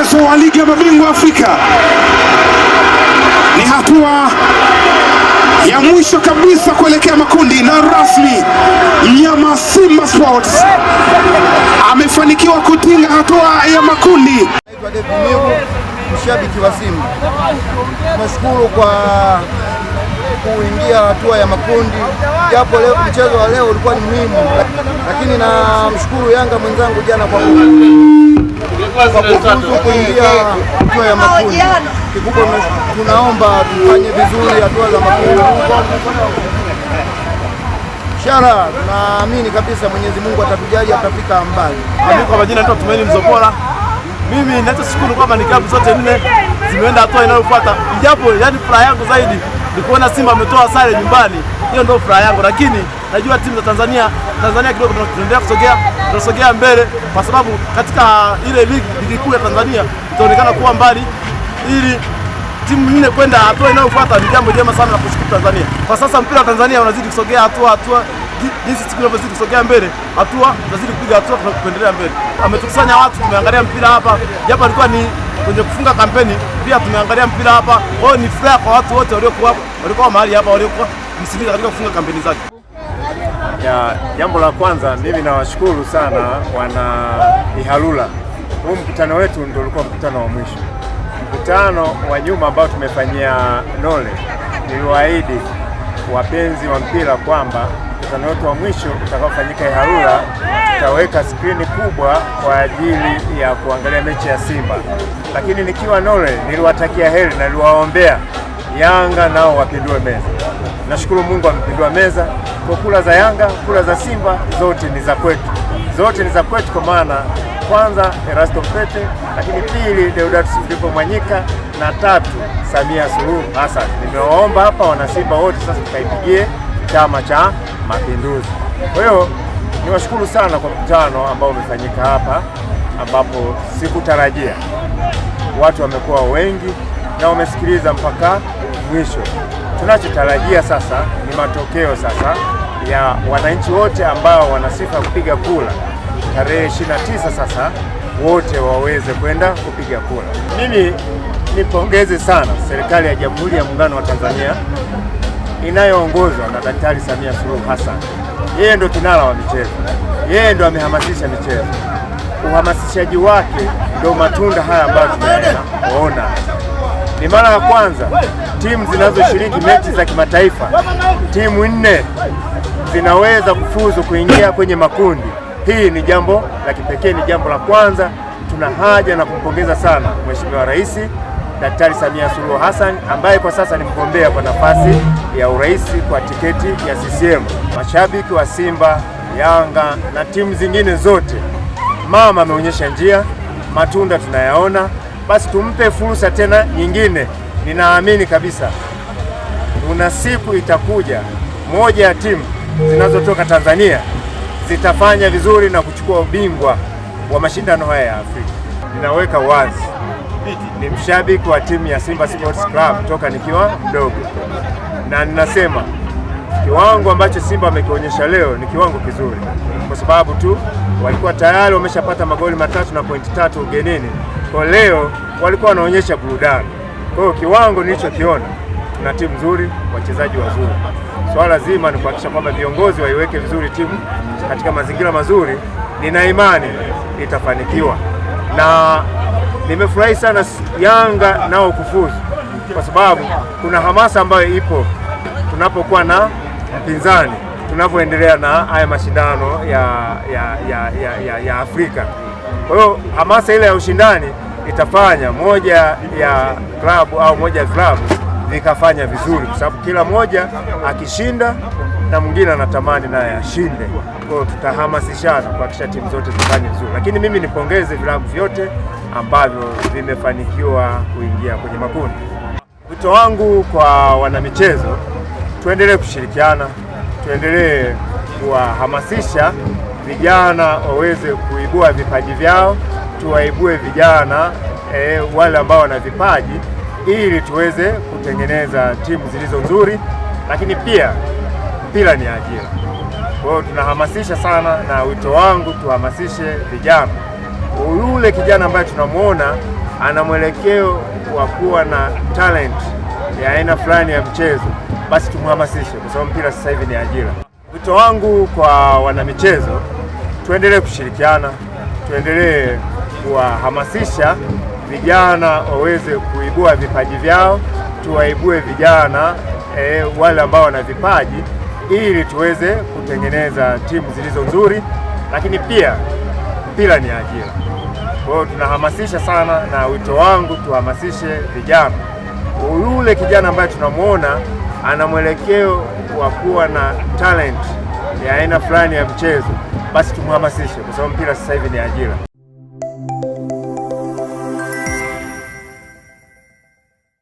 mchezo wa ligi ya mabingwa Afrika. Ni hatua ya mwisho kabisa kuelekea makundi, na rasmi mnyama Simba Sports amefanikiwa kutinga hatua ya makundi. Naitwa David mshabiki wa Simba. Nashukuru kwa kuingia hatua ya makundi, japo leo mchezo wa leo ulikuwa ni muhimu, lakini namshukuru Yanga mwenzangu jana kwa kufuzu kuingia hatua ya makundi. Kikubwa tunaomba tufanye vizuri hatua za makundi shara. Naamini kabisa Mwenyezi Mungu atatujalia, atafika mbali. Kwa majina naitwa Tumaini Mzopora. Mimi ninachoshukuru kwamba ni klabu zote nne zimeenda hatua inayofuata, ijapo yani furaha yangu zaidi ni kuona Simba ametoa sare nyumbani, hiyo ndio furaha yangu, lakini najua timu za Tanzania Tanzania kidogo tunaendelea kusogea tunasogea mbele, kwa sababu katika ile ligi ligi kuu ya Tanzania itaonekana kuwa mbali, ili timu nyingine kwenda hatua inayofuata ni jambo jema sana la kushukuru Tanzania. Kwa sasa mpira wa Tanzania unazidi kusogea hatua hatua jinsi siku inavyozidi kusogea mbele, hatua tunazidi kupiga hatua, tunakuendelea mbele. Ametukusanya watu, tumeangalia mpira hapa, japo alikuwa ni kwenye kufunga kampeni pia tumeangalia mpira hapa. Kwa hiyo ni furaha kwa watu wote waliokuwa walikuwa mahali hapa, waliokuwa msindikiza katika kufunga kampeni zake. Ya, jambo la kwanza mimi nawashukuru sana wana Ihalula. Huu mkutano wetu ndio ulikuwa mkutano wa mwisho. Mkutano wa nyuma ambao tumefanyia Nole, niliwaahidi wapenzi wa mpira kwamba mkutano wetu wa mwisho utakaofanyika Iharula, tutaweka skrini kubwa kwa ajili ya kuangalia mechi ya Simba. Lakini nikiwa Nole niliwatakia heri na niliwaombea Yanga nao wapindue meza. Nashukuru Mungu amepindua meza kwa kula za Yanga, kula za Simba zote ni za kwetu, zote ni za kwetu kwa maana kwanza Erasto Mpete, lakini pili Deodatus Filipo Mwanyika na tatu Samia Suluhu Hassan. Nimewaomba hapa wanasimba wote sasa tukaipigie Chama cha Mapinduzi. Kwa hiyo niwashukuru sana kwa mkutano ambao umefanyika hapa, ambapo sikutarajia watu wamekuwa wengi na wamesikiliza mpaka mwisho. Tunachotarajia sasa ni matokeo sasa ya wananchi wote ambao wana sifa ya kupiga kura tarehe 29 sasa wote waweze kwenda kupiga kura. Mimi nipongeze sana serikali ya Jamhuri ya Muungano wa Tanzania inayoongozwa na Daktari Samia Suluhu Hassan. Yeye ndo kinara wa michezo, yeye ndo amehamasisha michezo. Uhamasishaji wake ndo matunda haya ambayo kuona Ni mara ya kwanza timu zinazoshiriki mechi za kimataifa, timu nne zinaweza kufuzu kuingia kwenye makundi. Hii ni jambo la kipekee, ni jambo la kwanza. Tuna haja na kumpongeza sana Mheshimiwa Rais Daktari Samia Suluhu Hassan ambaye kwa sasa ni mgombea kwa nafasi ya urais kwa tiketi ya CCM. Mashabiki wa Simba, Yanga na timu zingine zote, mama ameonyesha njia, matunda tunayaona, basi tumpe fursa tena nyingine. Ninaamini kabisa kuna siku itakuja, moja ya timu zinazotoka Tanzania zitafanya vizuri na kuchukua ubingwa wa mashindano haya ya Afrika. Ninaweka wazi ni mshabiki wa timu ya Simba Sports Club toka nikiwa mdogo, na ninasema kiwango ambacho Simba amekionyesha leo ni kiwango kizuri, kwa sababu tu walikuwa tayari wameshapata magoli matatu na pointi tatu ugenini, kwa leo walikuwa wanaonyesha burudani. Kwa hiyo kiwango nilichokiona, tuna timu nzuri, wachezaji wazuri. Swala zima ni kuhakikisha kwamba viongozi waiweke vizuri timu katika mazingira mazuri. Nina imani itafanikiwa na Nimefurahi sana Yanga nao kufuzu, kwa sababu kuna hamasa ambayo ipo tunapokuwa na mpinzani, tunavyoendelea na haya mashindano ya, ya, ya, ya, ya, ya Afrika. Kwa hiyo hamasa ile ya ushindani itafanya moja ya klabu au moja ya klabu vikafanya vizuri, kwa sababu kila moja akishinda na mwingine anatamani naye ashinde. Kwa hiyo tutahamasishana kuhakikisha timu zote zifanye vizuri, lakini mimi nipongeze vilabu vyote ambavyo vimefanikiwa kuingia kwenye makundi. Wito wangu kwa wanamichezo, tuendelee kushirikiana, tuendelee kuwahamasisha vijana waweze kuibua vipaji vyao, tuwaibue vijana e, wale ambao wana vipaji ili tuweze kutengeneza timu zilizo nzuri, lakini pia mpira ni ajira. Kwa hiyo tunahamasisha sana, na wito wangu tuhamasishe vijana yule kijana ambaye tunamwona ana mwelekeo wa kuwa na talent ya aina fulani ya mchezo, basi tumhamasishe, kwa sababu mpira sasa hivi ni ajira. Wito wangu kwa wanamichezo, tuendelee kushirikiana, tuendelee kuwahamasisha vijana waweze kuibua vipaji vyao, tuwaibue vijana e, wale ambao wana vipaji ili tuweze kutengeneza timu zilizo nzuri, lakini pia mpira ni ajira. Kwa hiyo tunahamasisha sana, na wito wangu tuhamasishe vijana, yule kijana ambaye tunamwona ana mwelekeo wa kuwa na talent ya aina fulani ya mchezo, basi tumhamasishe, kwa sababu mpira sasa hivi ni ajira.